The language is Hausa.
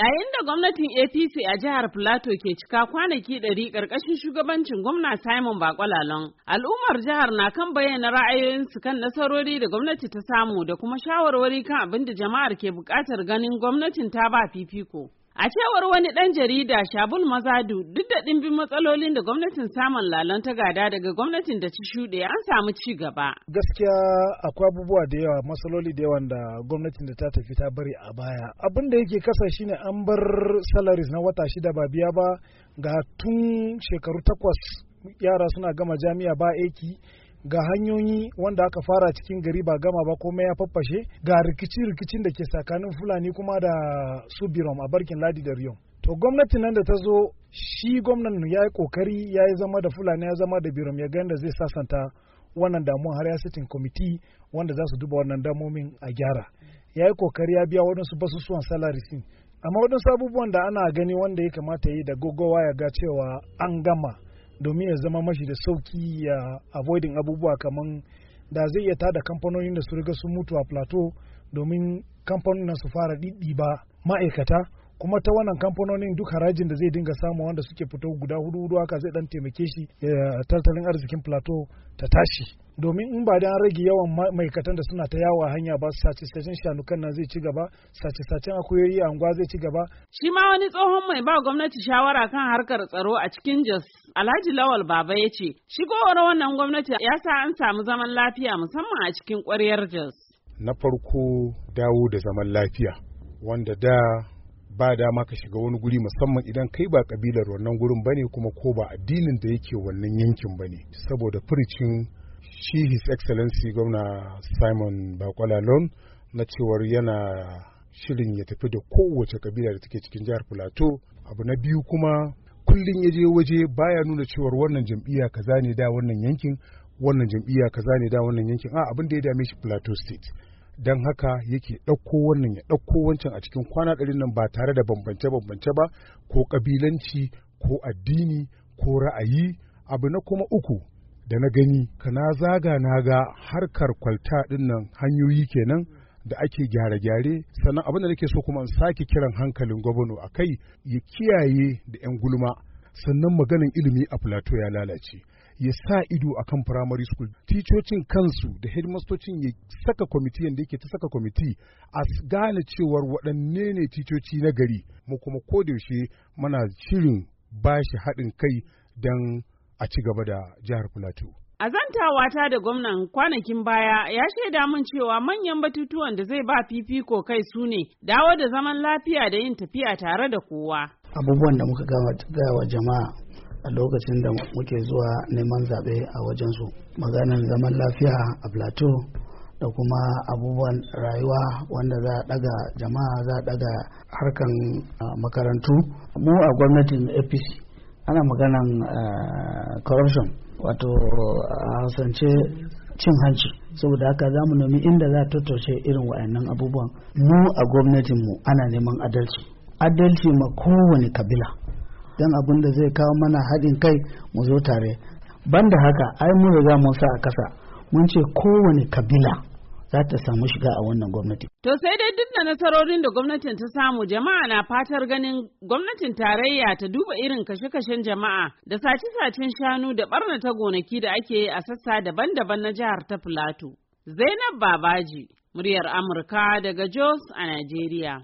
Yayin da gwamnatin APC a jihar Filato ke cika kwanaki ɗari ƙarƙashin shugabancin gwamna Simon Bakwalalon, al'ummar jihar na kan bayyana ra'ayoyinsu kan nasarori da gwamnati ta samu da kuma shawarwari kan abin da jama'ar ke buƙatar ganin gwamnatin ta ba fifiko. A cewar wani ɗan jarida Shabul Mazadu duk da ɗimbin matsalolin da gwamnatin samun lalon ta gada daga gwamnatin da ci shuɗe an samu ci gaba. Gaskiya akwai abubuwa da yawa matsaloli da yawan da gwamnatin da ta tafi ta bari a baya. Abin da yake kasa shine an bar salaries na wata shida ba biya ba ga tun shekaru takwas yara suna gama jami'a ba aiki ga hanyoyi wanda aka fara cikin gari ba gama ba komai ya faffashe ga rikici-rikicin da ke tsakanin fulani kuma da su birom a barkin ladi da riyom to gwamnati nan da ta zo shi gwamnan ya yi kokari ya yi zama da fulani ya zama da birom ya ganda zai sasanta wannan damuwa har ya sitin kwamiti wanda za su duba wannan damomin a gyara ya yi kokari ya biya waɗansu basusuwan salarisin amma waɗansu abubuwan da ana gani wanda ya kamata ya yi da gogowa ya ga cewa an gama domin ya zama mashi da sauki ya avoidin abubuwa kamar da zai iya tada kamfanonin da su riga sun mutu a plateau domin kamfanonin su fara ba ma'aikata kuma ta wannan kamfanonin duk harajin da zai dinga samu wanda suke fito guda hudu hudu haka zai dan taimake shi tattalin arzikin plateau ta tashi domin in ba dan rage yawan maikatan da suna ta yawo a hanya ba sace-sacen shanukan nan zai ci gaba sace sace akuyoyi a zai ci gaba shi ma wani tsohon mai ba gwamnati shawara kan harkar tsaro a cikin jos alhaji lawal baba ya ce shigowar wannan gwamnati ya sa an samu zaman lafiya musamman a cikin kwaryar jos na farko dawo da zaman lafiya wanda da ba dama ka shiga wani guri musamman idan kai ba kabilar wannan gurin ba ne kuma ko ba addinin da yake wannan yankin ba ne saboda furicin shi his excellency gwamna simon bakwala lon na cewar yana shirin ya tafi da kowace kabila da take cikin jihar plateau abu na biyu kuma kullum ya je waje baya nuna cewar wannan jam'iyya kaza ne da wannan yankin wannan jam'iyya kaza ne da wannan yankin a abin da ya dame shi plateau state don haka yake ɗauko wannan ya ɗauko wancan a cikin kwana ɗari nan ba tare da bambance-bambance ba ko ƙabilanci ko addini ko ra'ayi abu na kuma uku da na gani kana zaga na ga harkar kwalta ɗin nan hanyoyi kenan da ake gyare-gyare sannan abin da nake so kuma in sake kiran hankalin gwamnati a kai ya kiyaye da 'yan gulma sannan maganin ilimi a plateau ya lalace ya sa ido a kan primary school ticocin kansu da headmastocin ya saka kwamiti yadda yake ta saka kwamiti a gane cewar waɗanne ne ticoci na gari mu kuma yaushe mana shirin bashi haɗin kai don a ci gaba da jihar plateau A zantawata da gwamnan kwanakin baya ya shaida mun cewa manyan batutuwan da zai ba fifiko kai su ne dawo da zaman lafiya da yin tafiya tare da kowa. Abubuwan da muka gawa jama'a a lokacin da muke zuwa neman zaɓe a wajensu maganan zaman lafiya a plateau da kuma abubuwan rayuwa wanda za a daga jama'a za a daga harkan makarantu mu a gwamnatin apc ana maganan corruption wato a hausance cin hanci saboda haka za mu nemi inda za a tattaushe irin wa'annan abubuwan mu a gwamnatinmu ana neman adalci adalci ma kowane kabila don abin da zai kawo mana haɗin kai mu zo tare banda haka ai mun riga mun sa a kasa mun ce kowane kabila za ta samu shiga a wannan gwamnati. To sai dai duk da nasarorin da gwamnatin ta samu jama'a na fatar ganin gwamnatin tarayya ta duba irin kashe-kashen jama'a da sace-sacen shanu da ta gonaki da ake yi a sassa daban-daban na jihar ta Filato. Zainab Babaji, muryar Amurka daga Jos a Najeriya.